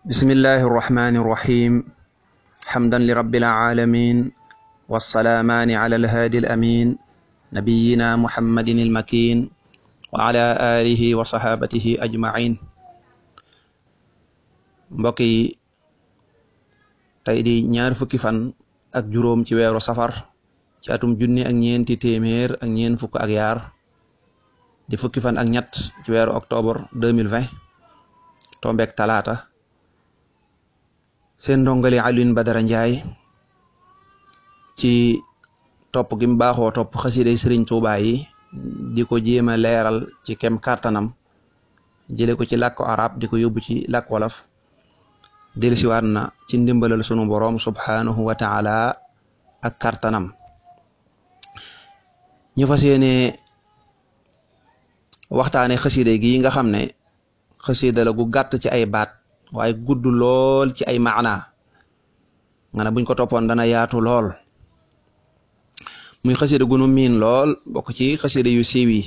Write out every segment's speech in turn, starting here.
bismillahi irrahmani irrahim hamdan li rabbil alamin wassalaamaani ala alhaadi alamin nabiyina muhammadin almakin wa ala wa sahabatihi ajmain mbokk yi tey di ñaar fukki fan ak juróom ci weeru safar ci atum junni ak ñeenti téeméer ak ñeen fukk ak yaar di fukki fan ak ñett ci weeru octobre 2020 tombeek talaata seen ndongali Alioune Badara Ndiaye ci topp gi mu baaxoo topp xasiday Sëriñ Tuubaa yi di ko jéem a leeral ci kem kàttanam jële ko ci làkku arab di ko yóbbu ci làkk wolof dellusiwaat na ci ndimbalal sunu boroom subhaanahu wa taala ak kàttanam ñu fas yéene waxtaane xasida gi nga xam ne xasida la gu gàtt ci ay baat waaye gudd lool ci ay maana nga ne buñ ko toppoon dana yaatu lool muy xasida gunu miin lool bokk ci xasida yu siiw yi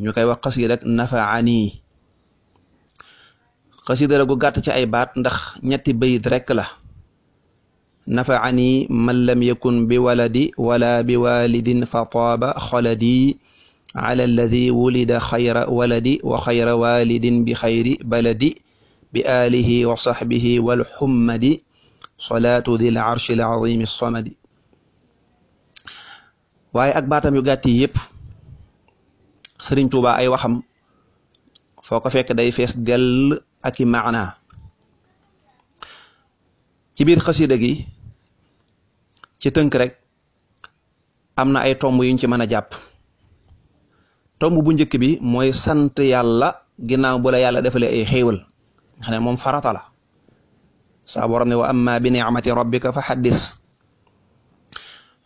ñu koy wax xasida ak nafaani xasida la gu gàtt ci ay baat ndax ñetti bayit rekk la nafaani man lam yakun bi waladi wala bi walidin fa taaba xoladi ala wulida xayra waladi wa xayra walidin bi xayri baladi bi alihi wa saxbihi walxummadi salaatu dil arshi l azimi samadi waaye ak baatam yu gàtt yi yëpp sëriñ tuuba ay waxam foo ko fekk day fees dell ak maana ci biir xasida gi ci tënk rek am na ay tomb yuñ ci mën a jàpp tomb bu njëkk bi mooy sant yàlla ginnaaw bu la yàlla defalee ay xéewal nga xam moom farata la saa borom ne wa amma bi ni'mati rabbika fa xaddis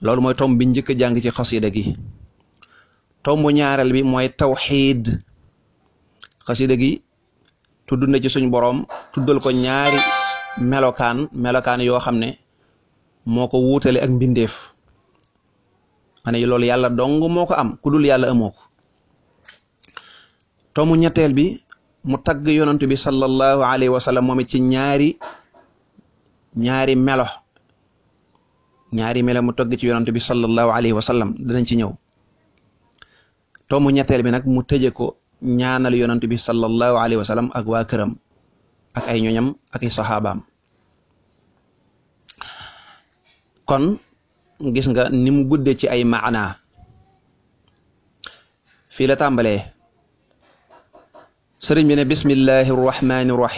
loolu mooy tomb bi njëkk a jàng ci xasida gi tombu ñaareel bi mooy tawxiid xasida gi tudd na ci suñ boroom tuddal ko ñaari melokaan melokaan yoo xam ne moo ko wuutale ak mbindeef ma ne loolu yàlla dong moo ko am ku dul yàlla amoo ñetteel bi mu tagg yonent bi sallallahu alayhi wa sallam moom it ci ñaari ñaari melo ñaari melo mu tagg ci yonent bi sallallahu alayhi wa sallam dinañ ci ñëw mu ñetteel bi nag mu tëje ko ñaanal yonent bi sallallahu alayhi wa sallam ak waa këram ak ay ñoñam ak ay saxaabaam kon gis nga ni mu gudde ci ay maana fii la tàmbalee sëriñ bi ne bismillahi irrahmani wa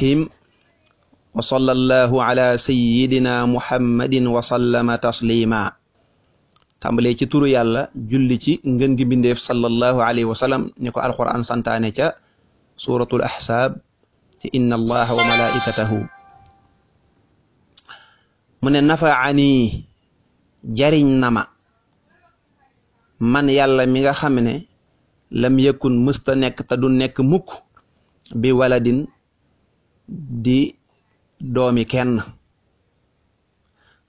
sallallahu ala sayidina muhammadin wa sallama taslima tàmbalee ci turu yàlla julli ci ngën gi mbindeef sallallahu alayhi wa sallam ni ko alquran santaane ca suratul ahsaab ci inna allaha wa malaikatahu mu ne nafaani jariñ na ma man yàlla mi nga xam ne lam yëkkun mësta nekk te du nekk mukk bi wala din di doomi kenn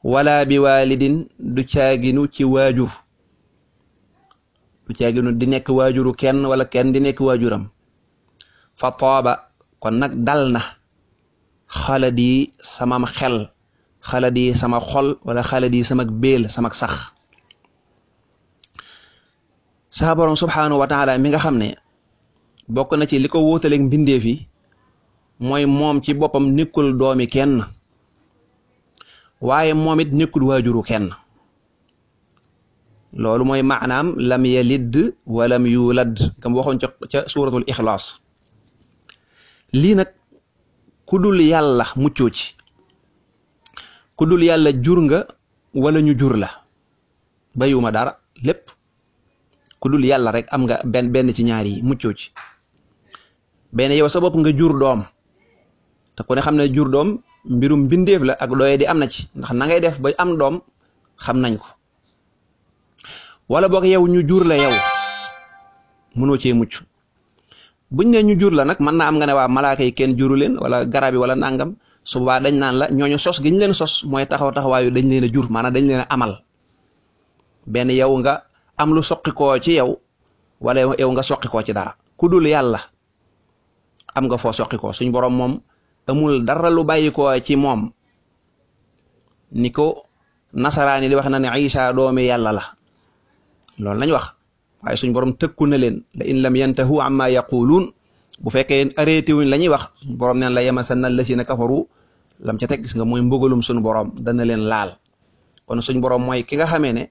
wala bi walidin du caaginu ci waajur du caaginu di nekk waajuru kenn wala kenn di nekk waajuram fa tooba kon nag dal na xaladi samam xel xaladi sama xol wala xaladi samak béel samak sax saa borom subhanahu mi nga xam ne bokk na ci li ko wóotaleeg mbindeef yi mooy moom ci boppam nekkul doomi kenn waaye moom it nekkul waajuru kenn loolu mooy maanaam lam yalid walam yulad kam waxoon ca ca suuratul ixlaas lii nag ku dul yàlla muccoo ci ku yàlla jur nga wala ñu jur la bayuma dara lépp ku yàlla rek am nga benn benn ci ñaar yi muccoo ci benn yow sa bopp nga jur doom te kone xam ne jur doom mbirum mbindeef la ak doye di am na ci ndax na def ba am doom xam nañ ko wala boog yow ñu jur la yow mënoo cee mucc buñ ne ñu jur la nag mën naa am nga ne waa malaaka yi kenn juru leen wala garab yi wala nangam su boobaa dañ naan la ñooñu sos gi ñu leen sos mooy taxaw taxawaayu dañ leen a jur maanaam dañ leen amal benn yow nga am lu soqikoo ci yow wala yow nga soqikoo ci dara ku dul yàlla am nga foo soqi ko suñ boroom moom amul dara lu bàyyi ko ci moom ni ko nasaraani di wax na ne Isa doomi yàlla la loolu lañ wax waaye suñ borom tëkku na leen la in lam yantahu amma yaquluun bu fekkee arrêté wuñ la ñuy wax suñ borom neen la yamasanna allasina kafaru lam ca teg gis nga mooy mbugalum suñu borom dana leen laal kon suñ boroom mooy ki nga xamee ne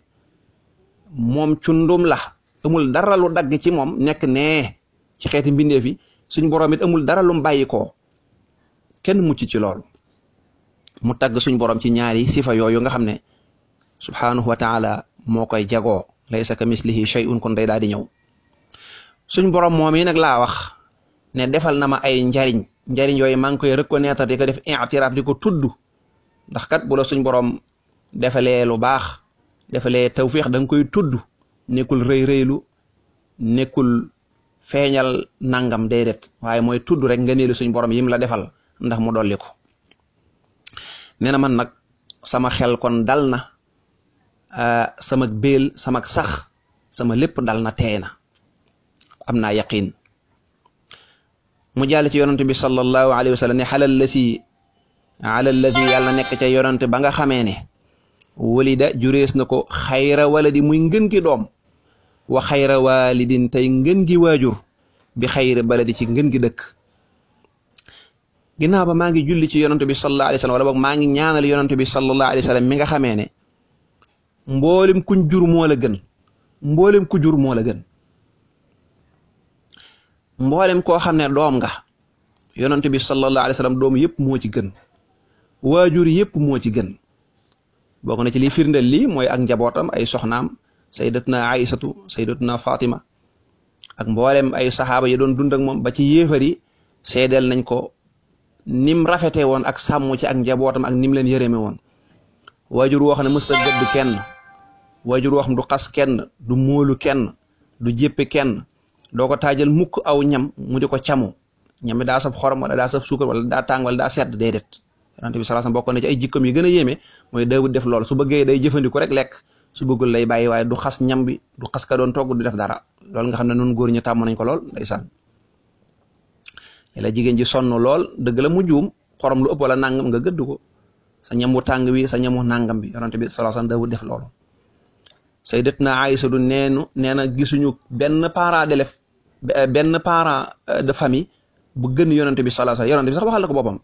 moom cundum la amul dara dagg ci moom nekk nee ci xeeti mbindeef yi suñ borom it amul dara lum bàyyi koo kenn mucc ci lool mu tagg suñ borom ci ñaari sifa yooyu nga xam ne subhaanahu wa taala moo koy jagoo laysa ka mislihi shay'un kon day daal di ñëw suñ borom moom yi nag laa wax ne defal na ma ay njariñ njariñ yooyu maa ngi koy reconnaître di ko def i'tiraaf di ko tudd ndax kat suñ borom defalee lu baax defalee tawfiix da nga koy tudd nekkul rëy rëylu nekkul feeñal nangam déedéet waaye mooy tudd rek nga neelu suñ borom yim la defal ndax mu dolli ko nee na man nag sama xel kon dal na euh, sama béel sama sax sama lépp dal na teey na am naa yaqiin mu jàll ci yonante bi sallallahu alayhi wa sallam ne xalal la si alal lazi yàlla nekk ca yonante ba nga xamee ne walida jurees na ko xayra wala di muy ngën ki doom wa xayra waalidin tey ngën gi waajur bi xayra baladi ci ngën gi dëkk ginnaaw ba maa ngi julli ci yonantu bi sallallahu alayhi wa wala boog maa ngi ñaanal yonantu bi sallallahu alayhi wa mi nga xamee ne mboolem kuñ jur moo la mboolem ku jur gën mboolem koo xam ne doom nga yonantu bi sallallahu alayhi wa doom yëpp moo ci gën waajur yëpp moo ci gën bokk na ci liy firndeel lii mooy ak njabootam ay soxnaam saydatuna aïsatu na fatima ak mboolem ay saxaaba yi doon dund ak moom ba ci yéefar yi nañ ko nim rafete woon ak sàmm ci ak njabootam ak nim leen yërëme woon waajur woo xam ne mësta gëdd kenn waajur woo xam du xas kenn du móolu kenn du jéppi kenn doo ko taajal mukk aw ñam mu di ko camu ñam daa saf xorom wala daa saf suukar wala daa tàng wala daa sedd déedéet yonent bi sallallahu alayhi wasallam bokkoon na ay jikkoom yi gën a yéeme mooy dawut def lool su bëggee day jëfandiku rek lekk su bëggul lay bàyyi waaye du xas ñam bi du xas ka doon toog du def dara loolu nga xam ne noonu góor ñi tàmm nañ ko lool ndeysaan la jigéen ji sonn lool dëgg la mu xorom lu ëpp wala nangam nga gëdd ko sa ñamu tàng wi sa ñamu nangam bi yonent bi sallallahu alayhi wasallam def loolu sayyidatna Aïsa du neenu nee na gisuñu benn parent d'élève benn parent euh, de famille bu gën yonent bi sallallahu alayhi wasallam yonent bi sax waxal na ko boppam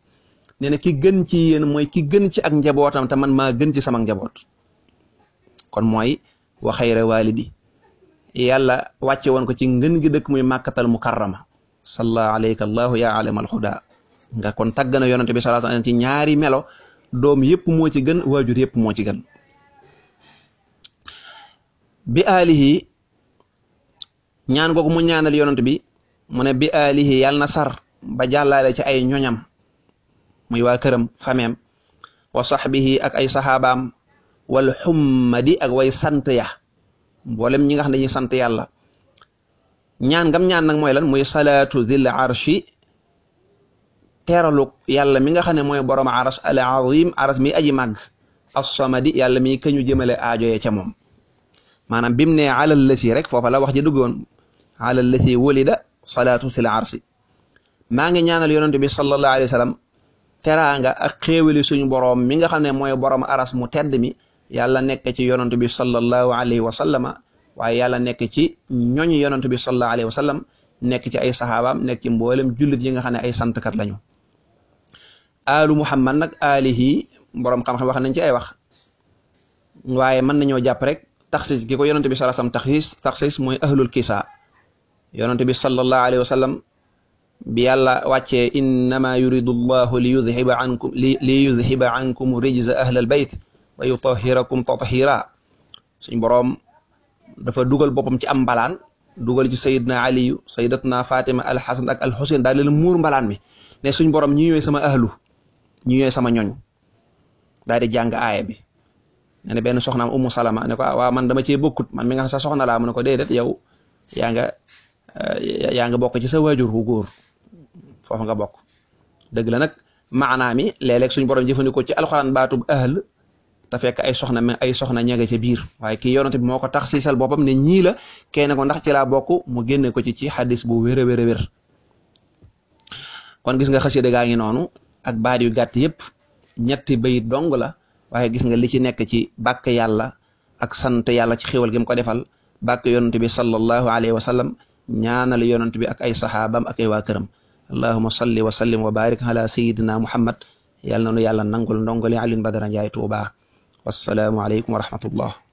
nee na ki gën ci yéen mooy ki gën ci ak njabootam te man maa gën ci sama njaboot kon mooy wa xayra walidi yàlla wàcce woon ko ci ngën gi dëkk muy màkkatal mukarrama salla alayka allahu ya alama alhuda nga kon tàgg na yonante bi sallallahu alayhi wasallam ci ñaari melo doom yëpp moo ci gën waajur yëpp moo ci gën bi alihi ñaan googu mu ñaanal yonant bi mu ne bi alihi yàlla na sar ba jàllaale ci ay ñoñam muy waa këram fameem wa sahbihi ak ay saxaabaam wal xummadi ak way sant ya mboolem ñi nga xam ne dañuy sant yàlla ñaan ngam ñaan nag mooy lan muy salaatu dil arshi teeralu yàlla mi nga xam ne mooy borom aras al azim aras mi aji màgg assamadi yàlla mi kañu jëmale aajo ya ca moom maanaam bim ne alal lasi rek foofa la wax ji duggoon alal lasi walida salaatu dil arshi maa ñaanal yonent bi sallallahu alayhi wa teraanga ak xéewali suñu borom mi nga xam ne mooy borom aras mu tedd mi yàlla nekk ci yonantu bi sallallahu alayhi wa sallama waaye yàlla nekk ci ñooñu yonantu bi sallallahu alayhi wa sallam nekk ci ay saxaabaam nekk ci mboolem jullit yi nga xam ne ay santkat lañu aalu muhammad nag aalihi boroom xam-xam wax nañ ci ay wax waaye mën nañoo jàpp rek taxsis gi ko yonantu bi sallallahu alayhi wa sallam taxsis taxsis mooy ahlul kisa yonantu bi sallallahu alayhi wa bi yàlla wàccee innama yuridu llahu li yudhiba ankum li yudhiba ankum rijza ahlal bayt wa yutahhirakum tathira suñ boroom dafa dugal boppam ci am mbalaan dugal ci sayidna aliyu sayidatna fatima alxasan ak alxuseyn daal leen muur mbalaan mi ne suñ borom ñi ñooy sama ahlu ñi ñooy sama ñoñ daal jàng aaya bi ne benn soxnaam umu salama ne ko ah, waaw man dama cee bokkut man mi nga sa soxna laa mu ne ko déedéet yow yaa nga eh, yaa bokk ci sa waajur wu góor foofu nga bokk dëgg la nag maanaam mi léeg suñ borom jëfandikoo ci alxuraan baatub ahl te fekk ay soxna mais ay soxna ña nga ca biir waaye kii yonent bi moo ko tax siisal boppam ne ñii la kenn ko ndax ci laa bokk mu génne ko ci ci xadis bu wér a wér a kon gis nga xasida gaa ngi noonu ak baat yu gàtt yëpp ñetti bayit dong la waaye gis nga li ci nekk ci bàkk yàlla ak sant yàlla ci xéwal gi mu ko defal bàkk yonent bi sallallahu alayhi wa sallam ñaanal yonent bi ak ay saxaabam ak ay waa këram allahuma salli wa sallim wa barik ala sayidina muhammad yàlla na nu yàlla nangul ndongole Alioune Badara Ndiaye Touba wassalaamu aleykum wa rahmatullah